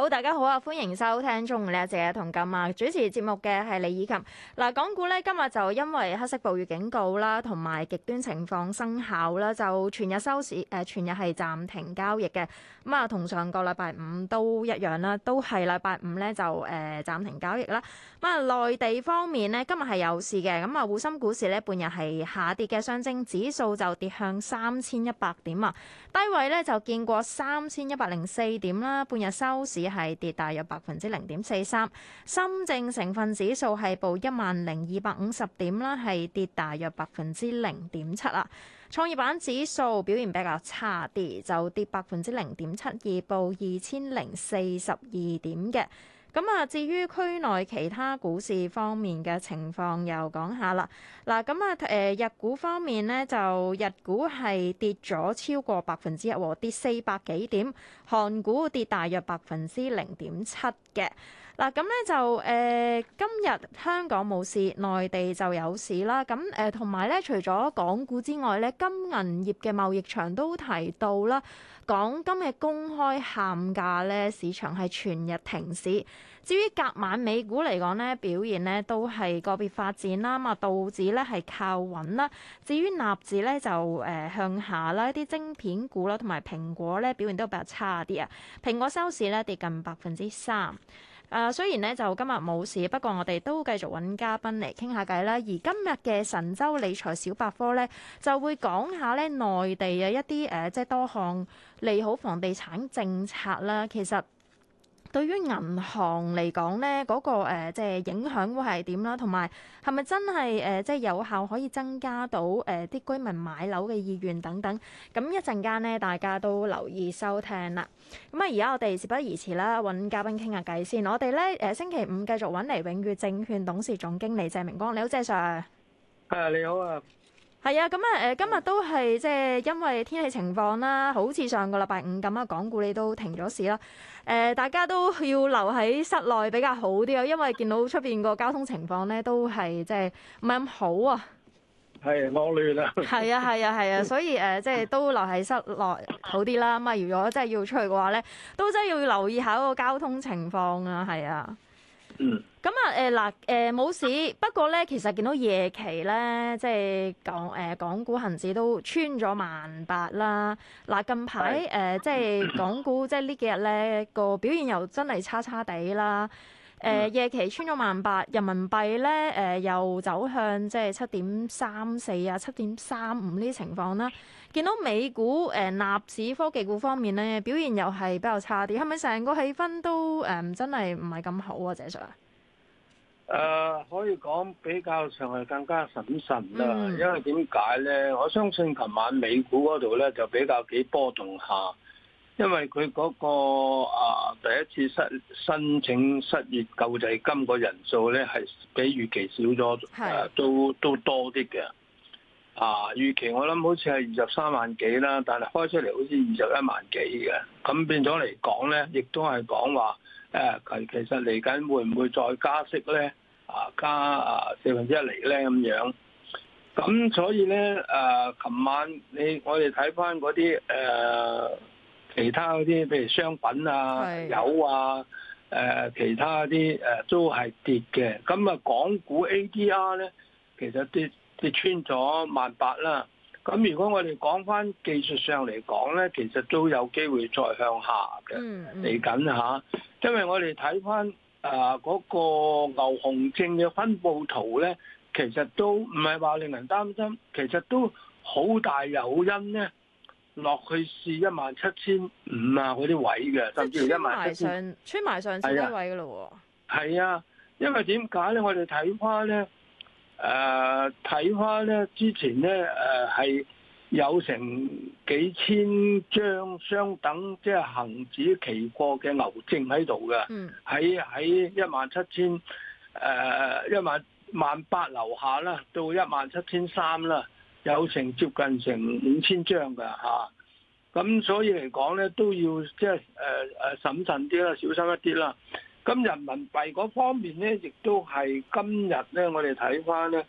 好，大家好啊！歡迎收聽中午嘅謝日同感。啊姐！主持節目嘅係李以琴。嗱、啊，港股呢，今日就因為黑色暴雨警告啦，同埋極端情況生效啦，就全日收市誒、呃、全日係暫停交易嘅。咁、嗯、啊，同上個禮拜五都一樣啦，都係禮拜五咧就誒暫、呃、停交易啦。咁、嗯、啊，內地方面呢，今日係有市嘅，咁、嗯、啊，滬深股市呢，半日係下跌嘅，上證指數就跌向三千一百點啊，低位呢，就見過三千一百零四點啦，半日收市。係跌大約百分之零點四三，深證成分指數係報一萬零二百五十點啦，係跌大約百分之零點七啊，創業板指數表現比較差啲，就跌百分之零點七二，報二千零四十二點嘅。咁啊，至於區內其他股市方面嘅情況，又講下啦。嗱，咁啊，誒，日股方面呢，就日股係跌咗超過百分之一，跌四百幾點。韓股跌大約百分之零點七嘅。嗱，咁咧就誒、呃、今日香港冇市，內地就有市啦。咁誒同埋咧，除咗港股之外咧，金銀業嘅貿易場都提到啦，港金嘅公開喊價咧，市場係全日停市。至於隔晚美股嚟講咧，表現咧都係個別發展啦。咁啊，道指咧係靠穩啦，至於納指咧就誒、呃、向下啦，一啲晶片股啦，同埋蘋果咧表現都比較差啲啊。蘋果收市咧跌近百分之三。誒、uh, 雖然咧就今日冇事，不過我哋都繼續揾嘉賓嚟傾下偈啦。而今日嘅神州理財小百科呢，就會講下咧內地嘅一啲誒、呃，即係多項利好房地產政策啦。其實。對於銀行嚟講咧，嗰、那個誒、呃，即係影響會係點啦，同埋係咪真係誒、呃，即係有效可以增加到誒啲、呃、居民買樓嘅意願等等。咁一陣間咧，大家都留意收聽啦。咁啊，而家我哋事不宜遲啦，搵嘉賓傾下偈先。我哋咧誒，星期五繼續搵嚟永譽證券董事總經理謝明光。你好，謝 Sir。誒、啊，你好啊。係啊，咁啊，誒，今日都係即係因為天氣情況啦，好似上個禮拜五咁啊，港股你都停咗市啦，誒，大家都要留喺室內比較好啲啊，因為見到面、啊、出邊個交通情況咧都係即係唔係咁好啊，係，我亂啊，係啊，係啊，係啊，所以誒，即係都留喺室內好啲啦，咁啊，如果真係要出去嘅話咧，都真係要留意下個交通情況啊，係啊。咁啊，誒嗱、嗯，誒冇、呃呃、事。不過咧，其實見到夜期咧，即、就、係、是、港誒、呃、港股恆指都穿咗萬八啦。嗱，近排誒即係港股，即、就、係、是、呢幾日咧個表現又真係差差地啦。誒、呃、夜期穿咗萬八，人民幣咧誒、呃、又走向即係七點三四啊，七點三五呢啲情況啦。見到美股誒、呃、納指科技股方面咧表現又係比較差啲，係咪成個氣氛都誒、呃、真係唔係咁好啊？謝 Sir 啊、呃，誒可以講比較上係更加審慎啦，嗯、因為點解咧？我相信琴晚美股嗰度咧就比較幾波動下。因為佢嗰個啊，第一次申申請失業救濟金個人數咧，係比預期少咗、呃，都都多啲嘅。啊、呃，預期我諗好似係二十三萬幾啦，但係開出嚟，好似二十一萬幾嘅，咁變咗嚟講咧，亦都係講話誒，其其實嚟緊會唔會再加息咧？啊、呃，加啊四分之一厘咧咁樣。咁所以咧，誒、呃，琴晚你我哋睇翻嗰啲誒。呃其他嗰啲，譬如商品啊、是的 油啊、誒、呃、其他啲誒、呃、都係跌嘅。咁啊，港股 ADR 咧，其實跌跌穿咗萬八啦。咁如果我哋講翻技術上嚟講咧，其實都有機會再向下嘅嚟緊吓。因為我哋睇翻啊嗰個牛熊證嘅分佈圖咧，其實都唔係話令人擔心，其實都好大誘因咧。落去試一萬七千五啊！嗰啲位嘅，甚至一萬七千。穿埋上，穿埋上次位嘅咯喎。係啊，啊，因為點解咧？我哋睇花咧，誒、呃、睇花咧，之前咧誒係有成幾千張相等，即係恆指期貨嘅牛證喺度嘅。嗯。喺喺一萬七千誒一、呃、萬萬八樓下啦，到一萬七千三啦。有成接近成五千張噶嚇，咁、啊、所以嚟講咧都要即係誒誒審慎啲啦，小心一啲啦。咁、啊、人民幣嗰方面咧，亦都係今日咧，我哋睇翻咧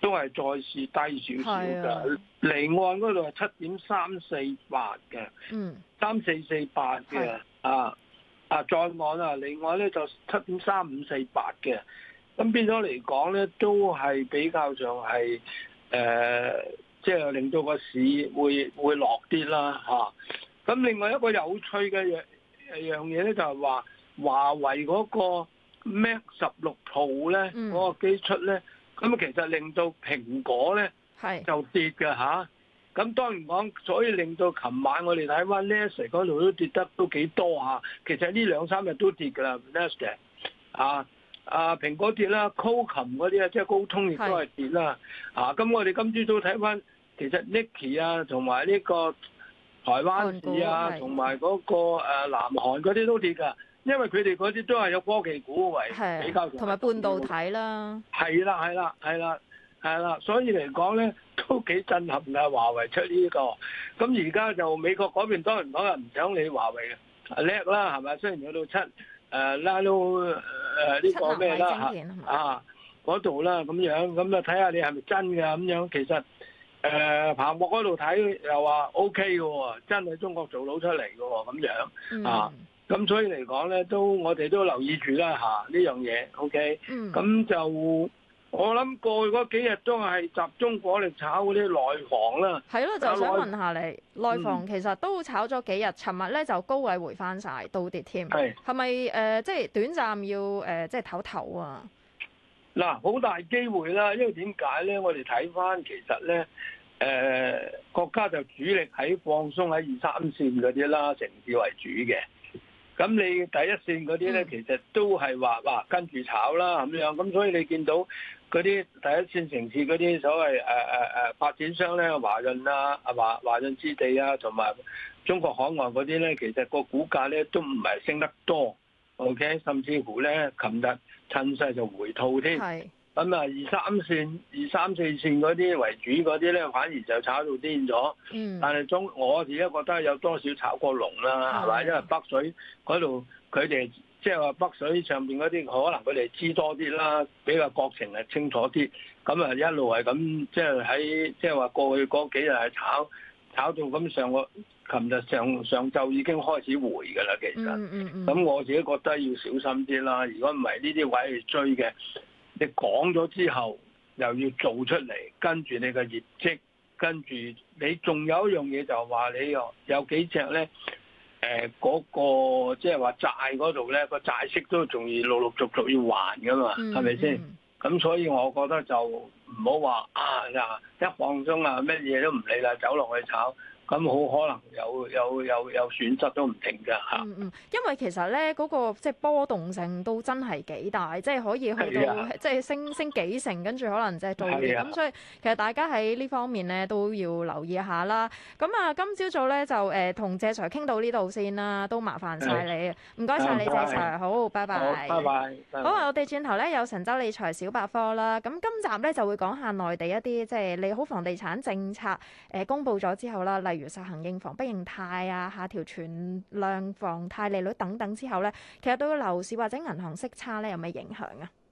都係再是低少少噶。離岸嗰度係七點三四八嘅，嗯，三四四八嘅啊啊再岸啊，離岸咧就七點三五四八嘅。咁變咗嚟講咧，都係比較上係。誒、呃，即係令到個市會會落啲啦嚇。咁、啊、另外一個有趣嘅嘢樣嘢咧，就係話華為嗰個 Mac 十六 Pro 咧，嗰、嗯、個機出咧，咁其實令到蘋果咧，係是就跌嘅嚇。咁、啊、當然講，所以令到琴晚我哋睇翻 Nasdaq 度都跌得都幾多嚇、啊。其實呢兩三日都跌㗎啦 Nasdaq 啊。啊，蘋果跌啦，c 高琴嗰啲啊，即係高通亦都係跌啦。是的 啊，咁我哋今朝早睇翻，其實 Nikkei 啊，同埋呢個台灣市啊，同埋嗰個、啊、南韓嗰啲都跌㗎，因為佢哋嗰啲都係有科技股為比較同埋半導體啦。係啦，係啦，係啦，係啦，所以嚟講咧都幾震撼嘅，華為出呢、這個。咁而家就美國嗰邊當然可能唔想理華為嘅，叻啦係咪？雖然有到七誒，拉、呃啊誒呢個咩啦嚇啊，嗰度啦咁樣，咁就睇下你係咪真噶咁樣。其實誒，彭博嗰度睇又話 O K 嘅喎，真係中國做到出嚟嘅喎咁樣啊。咁所以嚟講咧，都我哋都留意住啦嚇呢樣嘢。O K，咁就。我諗過去嗰幾日都係集中火力炒嗰啲內房啦。係咯，就想問下你，內房其實都炒咗幾日，尋日咧就高位回翻晒，倒跌添。係係咪誒，即係短暫要誒、呃，即係唞唞啊？嗱、嗯，好大機會啦，因為點解咧？我哋睇翻其實咧，誒、呃，國家就主力喺放鬆喺二三線嗰啲啦，城市為主嘅。咁你第一線嗰啲咧，其實都係話話跟住炒啦咁樣。咁所以你見到。嗰啲第一線城市嗰啲所謂誒誒誒發展商咧，華潤啊，啊、華華潤置地啊，同埋中國海外嗰啲咧，其實個股價咧都唔係升得多，OK，甚至乎咧，琴日趁勢就回吐添是。係。咁啊，二三線、二三四線嗰啲為主嗰啲咧，反而就炒到癲咗。嗯。但係中我自己覺得有多少炒過龍啦、啊是，係咪？因為北水嗰度佢哋。即係話北水上面嗰啲，可能佢哋知多啲啦，比較國情係清楚啲。咁啊，一路係咁，即係喺即係話過去嗰幾日係炒炒到咁上個，琴日上上晝已經開始回㗎啦。其實，咁我自己覺得要小心啲啦。如果唔係呢啲位去追嘅，你講咗之後又要做出嚟，跟住你個業績，跟住你仲有一樣嘢就係話你有有幾隻咧。誒嗰、呃那個即係話債嗰度咧，個、就、債、是、息都仲要陸陸續續要還噶嘛，係咪先？咁吧、嗯、所以我覺得就唔好話啊，嗱一放鬆啊，咩嘢都唔理啦，走落去炒。咁好可能有有有有選擇都唔停㗎嚇！嗯嗯，因為其實咧嗰、那個即係波動性都真係幾大，即係可以去到、啊、即係升升，升幾成，跟住可能即係做嘢。咁、啊、所以其實大家喺呢方面咧都要留意下啦。咁啊，今朝早咧就誒同、呃、謝才傾到呢度先啦，都麻煩晒你，唔該晒你、啊、謝才，好，拜拜。好，拜拜。好啊，我哋轉頭咧有神州理財小百科啦。咁今集咧就會講下內地一啲即係利好房地產政策誒公佈咗之後啦，例如。要實行認房不認貸啊，下調存量房貸利率等等之後咧，其實對個樓市或者銀行息差咧有咩影響啊？